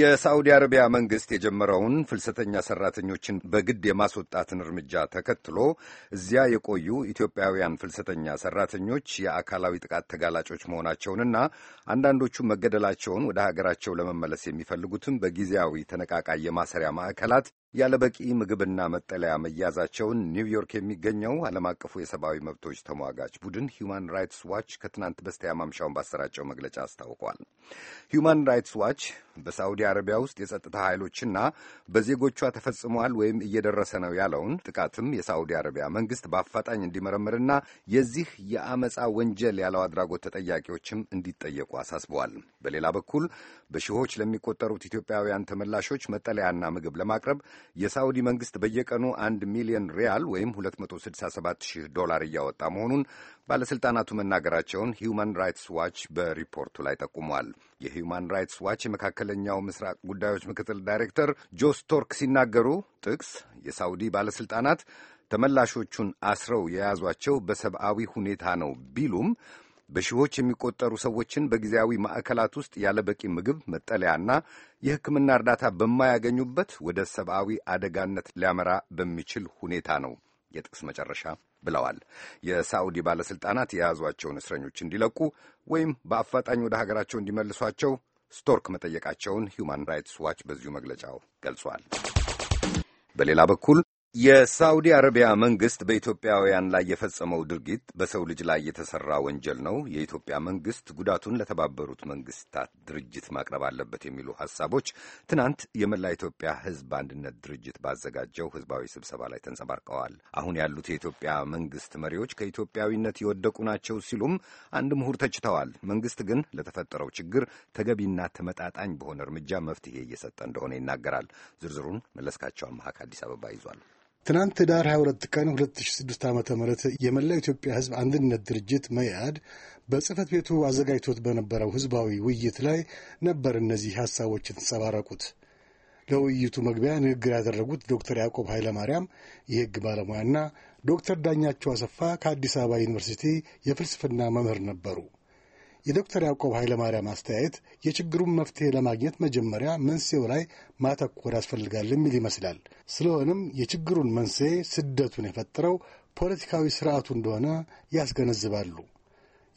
የሳዑዲ አረቢያ መንግስት የጀመረውን ፍልሰተኛ ሰራተኞችን በግድ የማስወጣትን እርምጃ ተከትሎ እዚያ የቆዩ ኢትዮጵያውያን ፍልሰተኛ ሰራተኞች የአካላዊ ጥቃት ተጋላጮች መሆናቸውንና አንዳንዶቹ መገደላቸውን ወደ ሀገራቸው ለመመለስ የሚፈልጉትም በጊዜያዊ ተነቃቃይ የማሰሪያ ማዕከላት ያለ በቂ ምግብና መጠለያ መያዛቸውን ኒውዮርክ የሚገኘው ዓለም አቀፉ የሰብአዊ መብቶች ተሟጋች ቡድን ሂዩማን ራይትስ ዋች ከትናንት በስቲያ ማምሻውን ባሰራጨው መግለጫ አስታውቋል። ሂዩማን ራይትስ ዋች በሳዑዲ አረቢያ ውስጥ የጸጥታ ኃይሎችና በዜጎቿ ተፈጽሟል ወይም እየደረሰ ነው ያለውን ጥቃትም የሳዑዲ አረቢያ መንግስት በአፋጣኝ እንዲመረምርና የዚህ የአመፃ ወንጀል ያለው አድራጎት ተጠያቂዎችም እንዲጠየቁ አሳስበዋል። በሌላ በኩል በሺዎች ለሚቆጠሩት ኢትዮጵያውያን ተመላሾች መጠለያና ምግብ ለማቅረብ የሳዑዲ መንግሥት በየቀኑ አንድ ሚሊዮን ሪያል ወይም 267 ሺህ ዶላር እያወጣ መሆኑን ባለሥልጣናቱ መናገራቸውን ሂዩማን ራይትስ ዋች በሪፖርቱ ላይ ጠቁሟል። የሂውማን ራይትስ ዋች የመካከለኛው ምስራቅ ጉዳዮች ምክትል ዳይሬክተር ጆስ ቶርክ ሲናገሩ ጥቅስ የሳዑዲ ባለሥልጣናት ተመላሾቹን አስረው የያዟቸው በሰብአዊ ሁኔታ ነው ቢሉም በሺዎች የሚቆጠሩ ሰዎችን በጊዜያዊ ማዕከላት ውስጥ ያለ በቂ ምግብ፣ መጠለያና የሕክምና እርዳታ በማያገኙበት ወደ ሰብአዊ አደጋነት ሊያመራ በሚችል ሁኔታ ነው የጥቅስ መጨረሻ ብለዋል። የሳዑዲ ባለሥልጣናት የያዟቸውን እስረኞች እንዲለቁ ወይም በአፋጣኝ ወደ ሀገራቸው እንዲመልሷቸው ስቶርክ መጠየቃቸውን ሁማን ራይትስ ዋች በዚሁ መግለጫው ገልጿል። በሌላ በኩል የሳውዲ አረቢያ መንግስት በኢትዮጵያውያን ላይ የፈጸመው ድርጊት በሰው ልጅ ላይ የተሰራ ወንጀል ነው። የኢትዮጵያ መንግስት ጉዳቱን ለተባበሩት መንግስታት ድርጅት ማቅረብ አለበት የሚሉ ሀሳቦች ትናንት የመላ ኢትዮጵያ ሕዝብ አንድነት ድርጅት ባዘጋጀው ህዝባዊ ስብሰባ ላይ ተንጸባርቀዋል። አሁን ያሉት የኢትዮጵያ መንግስት መሪዎች ከኢትዮጵያዊነት የወደቁ ናቸው ሲሉም አንድ ምሁር ተችተዋል። መንግስት ግን ለተፈጠረው ችግር ተገቢና ተመጣጣኝ በሆነ እርምጃ መፍትሄ እየሰጠ እንደሆነ ይናገራል። ዝርዝሩን መለስካቸው አመሃ ከአዲስ አበባ ይዟል። ትናንት ዳር 22 ቀን 2006 ዓ ም የመላው ኢትዮጵያ ህዝብ አንድነት ድርጅት መኢአድ በጽህፈት ቤቱ አዘጋጅቶት በነበረው ህዝባዊ ውይይት ላይ ነበር እነዚህ ሐሳቦች የተንጸባረቁት። ለውይይቱ መግቢያ ንግግር ያደረጉት ዶክተር ያዕቆብ ኃይለማርያም የሕግ ባለሙያና ዶክተር ዳኛቸው አሰፋ ከአዲስ አበባ ዩኒቨርሲቲ የፍልስፍና መምህር ነበሩ። የዶክተር ያዕቆብ ኃይለማርያም አስተያየት የችግሩን መፍትሄ ለማግኘት መጀመሪያ መንስኤው ላይ ማተኮር ያስፈልጋል የሚል ይመስላል። ስለሆነም የችግሩን መንስኤ ስደቱን የፈጠረው ፖለቲካዊ ስርዓቱ እንደሆነ ያስገነዝባሉ።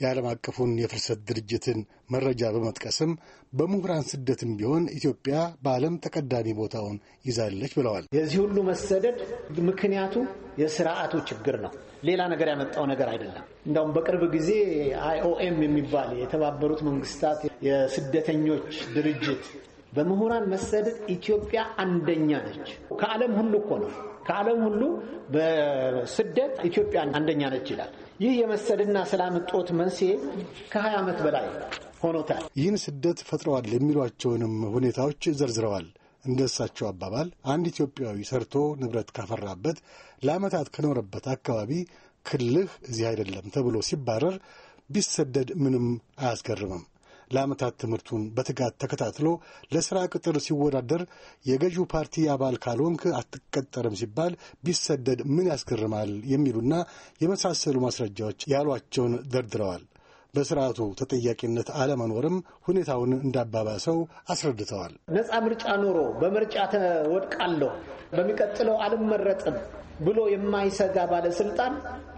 የዓለም አቀፉን የፍልሰት ድርጅትን መረጃ በመጥቀስም በምሁራን ስደትም ቢሆን ኢትዮጵያ በዓለም ተቀዳሚ ቦታውን ይዛለች ብለዋል። የዚህ ሁሉ መሰደድ ምክንያቱ የስርዓቱ ችግር ነው። ሌላ ነገር ያመጣው ነገር አይደለም። እንዳውም በቅርብ ጊዜ አይኦኤም የሚባል የተባበሩት መንግስታት የስደተኞች ድርጅት በምሁራን መሰደድ ኢትዮጵያ አንደኛ ነች። ከዓለም ሁሉ እኮ ነው። ከዓለም ሁሉ በስደት ኢትዮጵያ አንደኛ ነች ይላል። ይህ የመሰልና ሰላም እጦት መንስኤ ከ20 ዓመት በላይ ሆኖታል። ይህን ስደት ፈጥረዋል የሚሏቸውንም ሁኔታዎች ዘርዝረዋል። እንደ እሳቸው አባባል አንድ ኢትዮጵያዊ ሰርቶ ንብረት ካፈራበት ለዓመታት ከኖረበት አካባቢ ክልህ እዚህ አይደለም ተብሎ ሲባረር ቢሰደድ ምንም አያስገርምም። ለዓመታት ትምህርቱን በትጋት ተከታትሎ ለስራ ቅጥር ሲወዳደር የገዢው ፓርቲ አባል ካልሆንክ አትቀጠርም ሲባል ቢሰደድ ምን ያስገርማል የሚሉና የመሳሰሉ ማስረጃዎች ያሏቸውን ደርድረዋል። በስርዓቱ ተጠያቂነት አለመኖርም ሁኔታውን እንዳባባሰው አስረድተዋል። ነፃ ምርጫ ኖሮ በምርጫ ተወድቃለሁ፣ በሚቀጥለው አልመረጥም ብሎ የማይሰጋ ባለስልጣን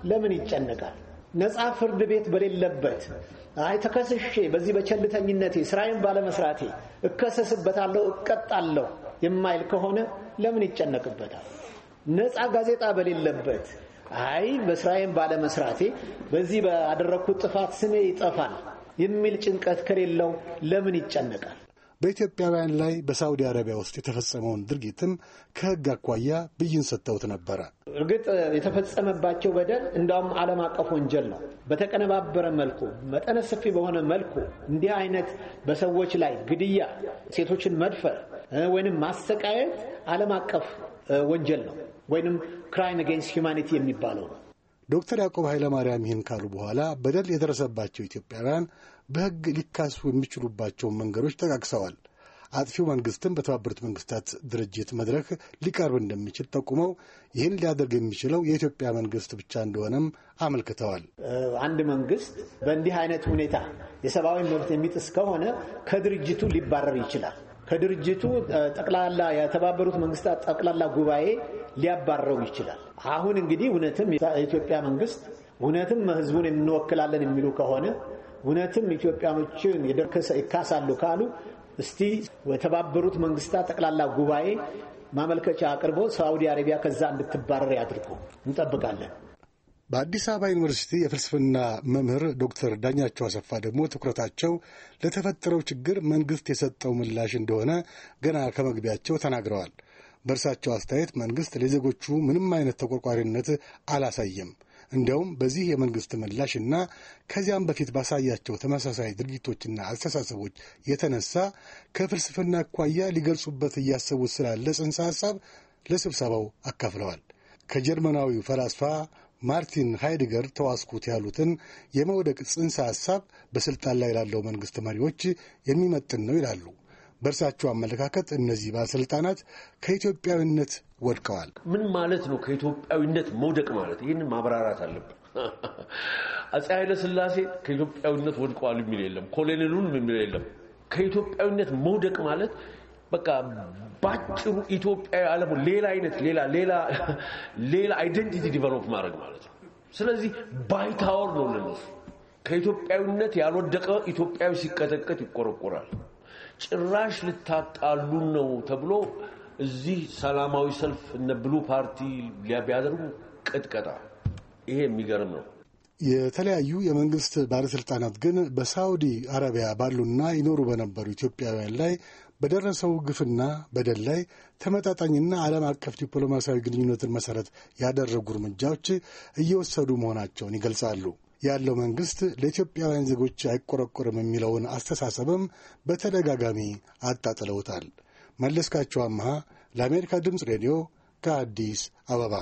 ለምን ይጨነቃል? ነፃ ፍርድ ቤት በሌለበት አይ ተከስሼ በዚህ በቸልተኝነቴ ስራዬን ባለመስራቴ እከሰስበታለሁ፣ እቀጣለሁ የማይል ከሆነ ለምን ይጨነቅበታል? ነፃ ጋዜጣ በሌለበት አይ በስራዬን ባለመስራቴ በዚህ ባደረግኩት ጥፋት ስሜ ይጠፋል የሚል ጭንቀት ከሌለው ለምን ይጨነቃል? በኢትዮጵያውያን ላይ በሳዑዲ አረቢያ ውስጥ የተፈጸመውን ድርጊትም ከሕግ አኳያ ብይን ሰጥተውት ነበረ። እርግጥ የተፈጸመባቸው በደል እንዳውም ዓለም አቀፍ ወንጀል ነው። በተቀነባበረ መልኩ፣ መጠነ ሰፊ በሆነ መልኩ እንዲህ አይነት በሰዎች ላይ ግድያ፣ ሴቶችን መድፈር ወይንም ማሰቃየት ዓለም አቀፍ ወንጀል ነው ወይንም ክራይም አጌንስት ሂውማኒቲ የሚባለው ነው። ዶክተር ያዕቆብ ኃይለማርያም ይህን ካሉ በኋላ በደል የደረሰባቸው ኢትዮጵያውያን በሕግ ሊካሱ የሚችሉባቸውን መንገዶች ጠቃቅሰዋል። አጥፊው መንግስትም በተባበሩት መንግስታት ድርጅት መድረክ ሊቀርብ እንደሚችል ጠቁመው ይህን ሊያደርግ የሚችለው የኢትዮጵያ መንግስት ብቻ እንደሆነም አመልክተዋል። አንድ መንግስት በእንዲህ አይነት ሁኔታ የሰብአዊ መብት የሚጥስ ከሆነ ከድርጅቱ ሊባረር ይችላል። ከድርጅቱ ጠቅላላ የተባበሩት መንግስታት ጠቅላላ ጉባኤ ሊያባረው ይችላል። አሁን እንግዲህ እውነትም የኢትዮጵያ መንግስት እውነትም ህዝቡን እንወክላለን የሚሉ ከሆነ እውነትም ኢትዮጵያኖችን ይካሳሉ ካሉ እስቲ የተባበሩት መንግስታት ጠቅላላ ጉባኤ ማመልከቻ አቅርቦ ሳውዲ አረቢያ ከዛ እንድትባረር ያድርጉ። እንጠብቃለን። በአዲስ አበባ ዩኒቨርሲቲ የፍልስፍና መምህር ዶክተር ዳኛቸው አሰፋ ደግሞ ትኩረታቸው ለተፈጠረው ችግር መንግስት የሰጠው ምላሽ እንደሆነ ገና ከመግቢያቸው ተናግረዋል። በእርሳቸው አስተያየት መንግስት ለዜጎቹ ምንም አይነት ተቆርቋሪነት አላሳየም። እንዲያውም በዚህ የመንግስት ምላሽና ከዚያም በፊት ባሳያቸው ተመሳሳይ ድርጊቶችና አስተሳሰቦች የተነሳ ከፍልስፍና አኳያ ሊገልጹበት እያሰቡት ስላለ ጽንሰ ሐሳብ ለስብሰባው አካፍለዋል። ከጀርመናዊው ፈላስፋ ማርቲን ሃይድገር ተዋስኩት ያሉትን የመውደቅ ጽንሰ ሐሳብ በሥልጣን ላይ ላለው መንግሥት መሪዎች የሚመጥን ነው ይላሉ። በእርሳቸው አመለካከት እነዚህ ባለሥልጣናት ከኢትዮጵያዊነት ወድቀዋል። ምን ማለት ነው? ከኢትዮጵያዊነት መውደቅ ማለት ይህንን ማብራራት አለብን። አፄ ኃይለ ሥላሴ ከኢትዮጵያዊነት ወድቀዋል የሚል የለም። ኮሎኔሉን የሚል የለም። ከኢትዮጵያዊነት መውደቅ ማለት በቃ ባጭሩ ኢትዮጵያዊ ዓለም ሌላ አይነት ሌላ ሌላ ሌላ አይደንቲቲ ዲቨሎፕ ማድረግ ማለት ነው። ስለዚህ ባይታወር ነው ልንሱ ከኢትዮጵያዊነት ያልወደቀ ኢትዮጵያዊ ሲቀጠቀጥ ይቆረቆራል። ጭራሽ ልታጣሉን ነው ተብሎ እዚህ ሰላማዊ ሰልፍ እነ ብሉ ፓርቲ ቢያደርጉ ቅጥቀጣ፣ ይሄ የሚገርም ነው። የተለያዩ የመንግስት ባለስልጣናት ግን በሳውዲ አረቢያ ባሉና ይኖሩ በነበሩ ኢትዮጵያውያን ላይ በደረሰው ግፍና በደል ላይ ተመጣጣኝና ዓለም አቀፍ ዲፕሎማሲያዊ ግንኙነትን መሠረት ያደረጉ እርምጃዎች እየወሰዱ መሆናቸውን ይገልጻሉ። ያለው መንግሥት ለኢትዮጵያውያን ዜጎች አይቆረቆርም የሚለውን አስተሳሰብም በተደጋጋሚ አጣጥለውታል። መለስካቸው አመሃ ለአሜሪካ ድምፅ ሬዲዮ ከአዲስ አበባ